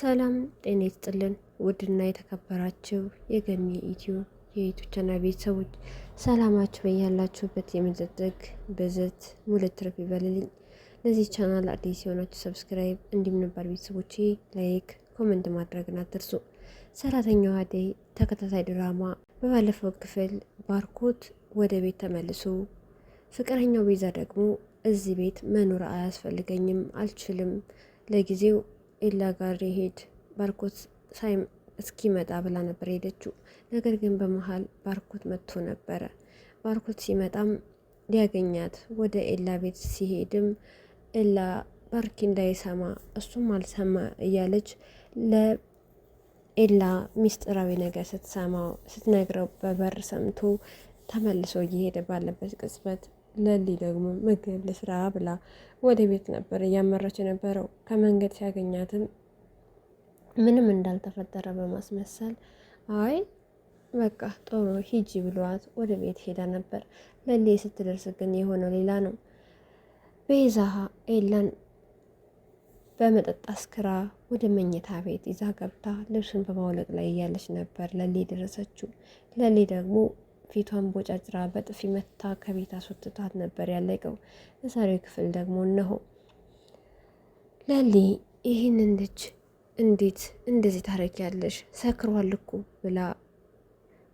ሰላም ጤና ይስጥልን። ውድና የተከበራችሁ የገኒ ኢትዮ የዩቱብ ቻናል ቤተሰቦች ሰላማችሁ በያላችሁበት የመዘጠግ በዘት ሙለት ትርፍ ይበልልኝ። ለዚህ ቻናል አዲስ የሆናችሁ ሰብስክራይብ፣ እንዲሁም ነባር ቤተሰቦች ላይክ፣ ኮመንት ማድረግን አትርሱ። ሰራተኛዋ አደይ ተከታታይ ድራማ በባለፈው ክፍል ባርኮት ወደ ቤት ተመልሶ ፍቅረኛው ቤዛ ደግሞ እዚህ ቤት መኖር አያስፈልገኝም፣ አልችልም ለጊዜው ኤላ ጋር ይሄድ ባርኮት እስኪመጣ ብላ ነበር ሄደችው ነገር ግን በመሀል ባርኮት መጥቶ ነበረ። ባርኮት ሲመጣም ሊያገኛት ወደ ኤላ ቤት ሲሄድም ኤላ ባርኪ እንዳይሰማ እሱም አልሰማ እያለች ለኤላ ሚስጥራዊ ነገር ስትሰማው ስትነግረው በበር ሰምቶ ተመልሶ እየሄደ ባለበት ቅጽበት ለሊ ደግሞ ምግብ ልስራ ብላ ወደ ቤት ነበር እያመራች የነበረው። ከመንገድ ሲያገኛትም ምንም እንዳልተፈጠረ በማስመሰል አይ በቃ ጦሩ ሂጂ ብሏት ወደ ቤት ሄዳ ነበር። ለሊ ስትደርስ ግን የሆነው ሌላ ነው። ቤዛ ኤላን በመጠጥ አስክራ ወደ መኝታ ቤት ይዛ ገብታ ልብሱን በማውለቅ ላይ እያለች ነበር ለሊ ደረሰችው። ለሊ ደግሞ ፊቷን ቦጫጭራ በጥፊ መታ ከቤት አስወጥቷት ነበር ያለቀው። በዛሬው ክፍል ደግሞ እነሆ ለሊ ይህንን ልጅ እንዴት እንደዚህ ታረጊያለሽ? ሰክሯል እኮ ብላ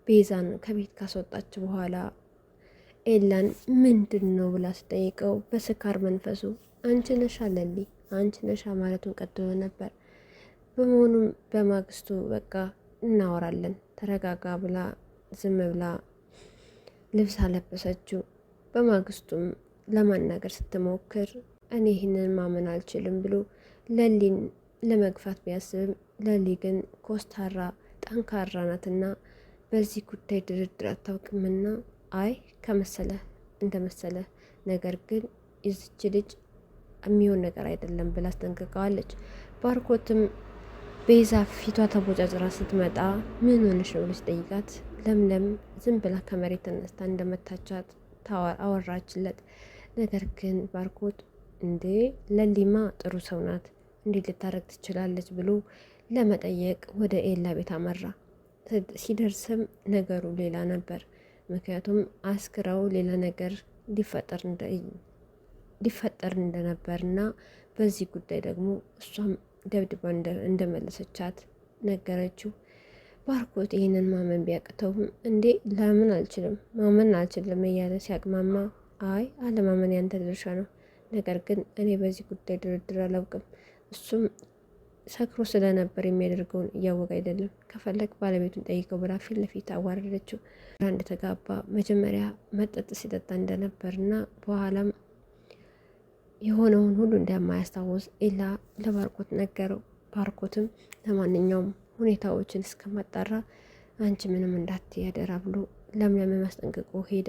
ቤዛን ከቤት ካስወጣች በኋላ ኤላን ምንድን ነው ብላ ስጠይቀው በስካር መንፈሱ አንቺ ነሻ ለሊ አንቺ ነሻ ማለቱን ቀጥሎ ነበር። በመሆኑም በማግስቱ በቃ እናወራለን ተረጋጋ ብላ ዝም ብላ ልብስ አለበሰችው። በማግስቱም ለማናገር ስትሞክር እኔ ይህንን ማመን አልችልም ብሎ ለሊን ለመግፋት ቢያስብም ለሊ ግን ኮስታራ ጠንካራ ናትና በዚህ ጉዳይ ድርድር አታውቅምና አይ ከመሰለ እንደመሰለህ፣ ነገር ግን የዝች ልጅ የሚሆን ነገር አይደለም ብላ አስጠንቅቀዋለች። ባርኮትም ቤዛ ፊቷ ተቦጫጭራ ስትመጣ ምን ሆነሽ ነው ብሎች ጠይቃት። ለምለም ዝም ብላ ከመሬት ተነስታ እንደመታቻት አወራችለት። ነገር ግን ባርኮት እንዴ ለሊማ ጥሩ ሰው ናት እንዴት ልታረግ ትችላለች ብሎ ለመጠየቅ ወደ ኤላ ቤት አመራ። ሲደርስም ነገሩ ሌላ ነበር። ምክንያቱም አስክረው ሌላ ነገር ሊፈጠር እንደነበር እና በዚህ ጉዳይ ደግሞ እሷም ደብድባ እንደመለሰቻት ነገረችው። ባርኮት ይህንን ማመን ቢያቅተውም እንዴ ለምን አልችልም ማመን አልችልም እያለ ሲያቅማማ፣ አይ አለማመን ያንተ ድርሻ ነው፣ ነገር ግን እኔ በዚህ ጉዳይ ድርድር አላውቅም። እሱም ሰክሮ ስለነበር የሚያደርገውን እያወቀ አይደለም፣ ከፈለግ ባለቤቱን ጠይቀው ብላ ፊት ለፊት አዋረደችው። ራ እንደተጋባ መጀመሪያ መጠጥ ሲጠጣ እንደነበር እና በኋላም የሆነውን ሁሉ እንደማያስታውስ ኢላ ለባርኮት ነገረው። ባርኮትም ለማንኛውም ሁኔታዎችን እስከማጣራ አንቺ ምንም እንዳት ያደራ ብሎ ለምለም ማስጠንቀቆ ሄደ።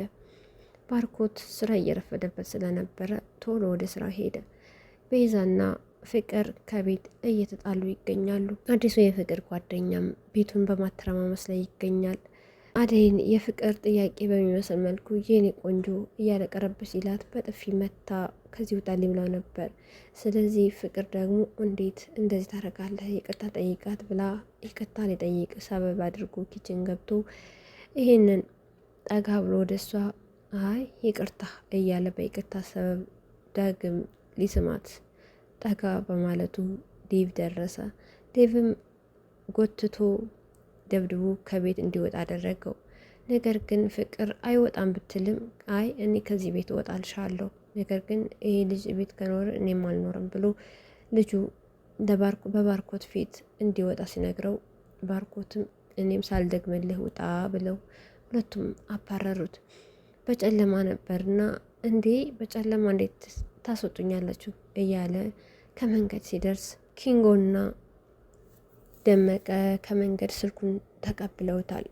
ባርኮት ስራ እየረፈደበት ስለነበረ ቶሎ ወደ ስራ ሄደ። ቤዛና ፍቅር ከቤት እየተጣሉ ይገኛሉ። አዲሱ የፍቅር ጓደኛም ቤቱን በማተረማመስ ላይ ይገኛል። አደይን የፍቅር ጥያቄ በሚመስል መልኩ የኔ ቆንጆ እያለቀረበች ሲላት በጥፊ መታ ከዚህ ውጣልኝ ብላው ነበር። ስለዚህ ፍቅር ደግሞ እንዴት እንደዚህ ታደርጋለህ? ይቅርታ ጠይቃት ብላ ይቅርታ ሊጠይቅ ሰበብ አድርጎ ኪችን ገብቶ ይሄንን ጠጋ ብሎ ወደ እሷ አይ ይቅርታ እያለ በይቅርታ ሰበብ ዳግም ሊስማት ጠጋ በማለቱ ዴቭ ደረሰ። ዴቭም ጎትቶ ደብድቦ ከቤት እንዲወጣ አደረገው። ነገር ግን ፍቅር አይወጣም ብትልም አይ እኔ ከዚህ ቤት እወጣልሻለሁ ነገር ግን ይሄ ልጅ ቤት ከኖር እኔም አልኖርም ብሎ ልጁ በባርኮት ፊት እንዲወጣ ሲነግረው ባርኮትም እኔም ሳልደግምልህ ውጣ ብለው ሁለቱም አባረሩት። በጨለማ ነበርና እንዴ በጨለማ እንዴት ታስወጡኛላችሁ እያለ ከመንገድ ሲደርስ ኪንጎና ደመቀ ከመንገድ ስልኩን ተቀብለውታል።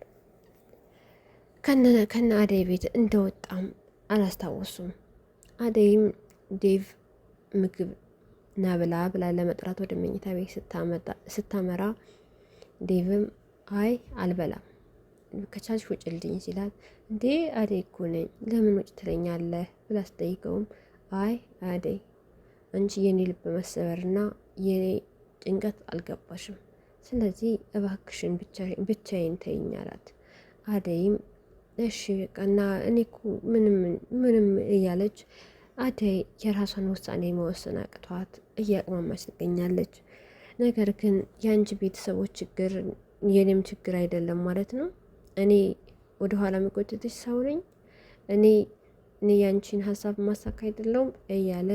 ከነ አደይ ቤት እንደወጣም አላስታወሱም። አደይም ዴቭ ምግብ ናብላ ብላ ለመጥራት ወደ መኝታ ቤት ስታመራ ዴቭም አይ አልበላም ከቻልሽ ውጭ ልድኝ ሲላት እንዴ አደይ እኮ ነኝ ለምን ውጭ ትለኛለህ ብላ ስጠይቀውም አይ አደይ አንቺ የኔ ልብ መሰበርና የኔ ጭንቀት አልገባሽም። ስለዚህ እባክሽን ብቻዬን ተይኝ አላት። አደይም እሺ በቃ እና እኔ እኮ ምንም ምንም እያለች አደይ የራሷን ውሳኔ መወሰን አቅቷት እያቅማማች ትገኛለች። ነገር ግን የአንቺ ቤተሰቦች ችግር የኔም ችግር አይደለም ማለት ነው። እኔ ወደኋላ መቆጨትሽ ሰው ነኝ እኔ እኔ ያንቺን ሀሳብ ማሳካ አይደለውም እያለ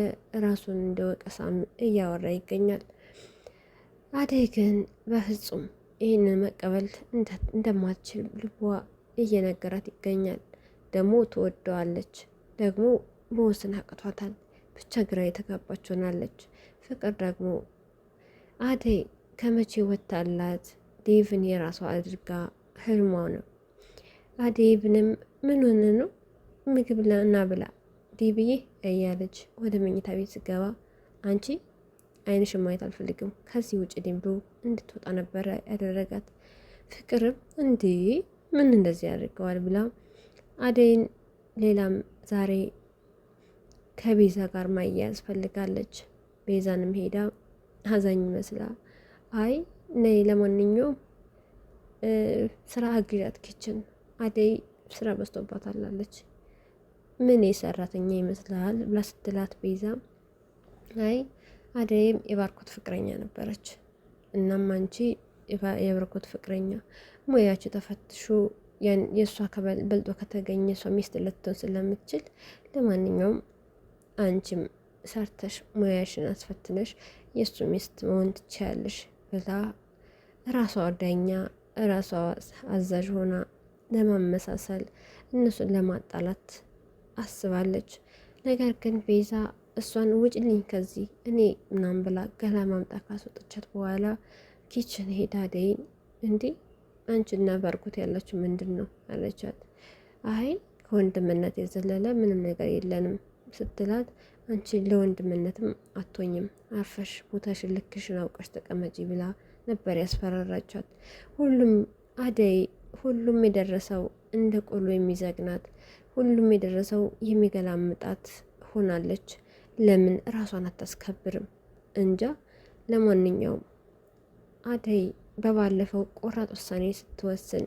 ራሱን እንደ ወቀሳም እያወራ ይገኛል። አደይ ግን በፍጹም ይህንን መቀበል እንደማትችል ልቧ እየነገራት ይገኛል። ደግሞ ትወደዋለች፣ ደግሞ መወሰን አቅቷታል። ብቻ ግራ የተጋባች ሆናለች። ፍቅር ደግሞ አደይ ከመቼ ወታላት ዴቭን የራሷ አድርጋ ህልሟ ነው። አዴቭንም ምን ሆነ ነው ምግብ እና ብላ ዴብዬ እያለች ወደ መኝታ ቤት ስገባ አንቺ አይንሽን ማየት አልፈልግም ከዚህ ውጭ ድን ብሎ እንድትወጣ ነበረ ያደረጋት። ፍቅርም እንዴ ምን እንደዚህ ያደርገዋል ብላ አደይን ሌላም ዛሬ ከቤዛ ጋር ማያያዝ ፈልጋለች። ቤዛንም ሄዳ አዛኝ ይመስላ አይ ነይ ለማንኛውም ስራ አግዣት ኪችን አደይ ስራ በዝቶባታል አለች። ምን የሰራተኛ ይመስልሃል ብላ ስትላት ቤዛ አይ አደይም የባርኮት ፍቅረኛ ነበረች። እናም አንቺ የባርኮት ፍቅረኛ ሙያቸው ተፈትሾ የእሷ በልጦ ከተገኘ እሷ ሚስት ልትሆን ስለምትችል፣ ለማንኛውም አንቺም ሰርተሽ ሙያሽን አስፈትነሽ የእሱ ሚስት መሆን ትችያለሽ ብላ ራሷ ዳኛ ራሷ አዛዥ ሆና ለማመሳሰል እነሱን ለማጣላት አስባለች። ነገር ግን ቤዛ እሷን ውጭልኝ ከዚህ እኔ ምናምን ብላ ገላ ማምጣት ካስወጠቻት በኋላ ኪችን ሄዳ ደይን እንዲህ አንቺና ባርኮት ያላችሁ ምንድን ነው አለቻት። አይ ከወንድምነት የዘለለ ምንም ነገር የለንም ስትላት፣ አንቺ ለወንድምነትም አቶኝም አርፈሽ ቦታሽ ልክሽን አውቀሽ ተቀመጪ ብላ ነበር ያስፈራራቻት። ሁሉም አደይ ሁሉም የደረሰው እንደ ቆሎ የሚዘግናት ሁሉም የደረሰው የሚገላምጣት ሆናለች። ለምን ራሷን አታስከብርም? እንጃ። ለማንኛውም አደይ በባለፈው ቆራጥ ውሳኔ ስትወስን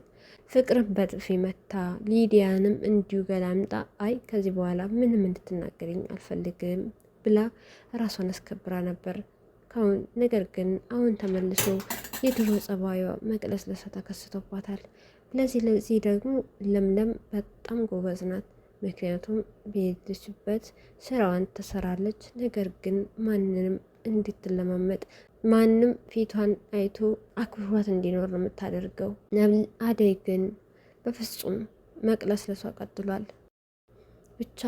ፍቅርን በጥፊ መታ፣ ሊዲያንም እንዲሁ ገላምጣ አይ ከዚህ በኋላ ምንም እንድትናገረኝ አልፈልግም ብላ ራሷን አስከብራ ነበር። ካሁን ነገር ግን አሁን ተመልሶ የድሮ ጸባዩ መቅለስለሷ ተከስቶባታል። ለዚህ ለዚህ ደግሞ ለምለም በጣም ጎበዝ ናት። ምክንያቱም በሄደችበት ስራዋን ትሰራለች። ነገር ግን ማንንም እንድትለማመጥ ማንም ፊቷን አይቶ አክብሯት እንዲኖር ነው የምታደርገው። አደይ ግን በፍጹም ለሷ ቀጥሏል። ብቻ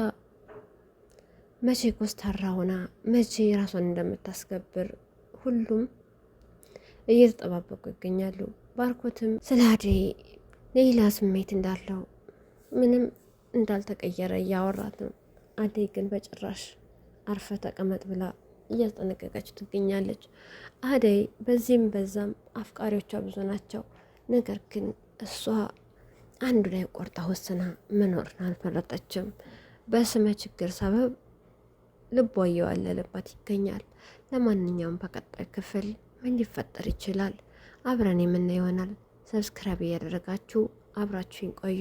መቼ ኮስታራ ሆና መቼ ራሷን እንደምታስከብር ሁሉም እየተጠባበቁ ይገኛሉ። ባርኮትም ስለ አደይ ሌላ ስሜት እንዳለው ምንም እንዳልተቀየረ እያወራት ነው። አደይ ግን በጭራሽ አርፈ ተቀመጥ ብላ እያስጠነቀቀች ትገኛለች። አደይ በዚህም በዛም አፍቃሪዎቿ ብዙ ናቸው። ነገር ግን እሷ አንዱ ላይ ቆርጣ ወስና መኖርን አልመረጠችም። በስመ ችግር ሰበብ ልቧ እየዋለለባት ይገኛል። ለማንኛውም በቀጣይ ክፍል ምን ሊፈጠር ይችላል? አብረን የምናየው ይሆናል። ሰብስክራይብ እያደረጋችሁ አብራችሁን ቆዩ።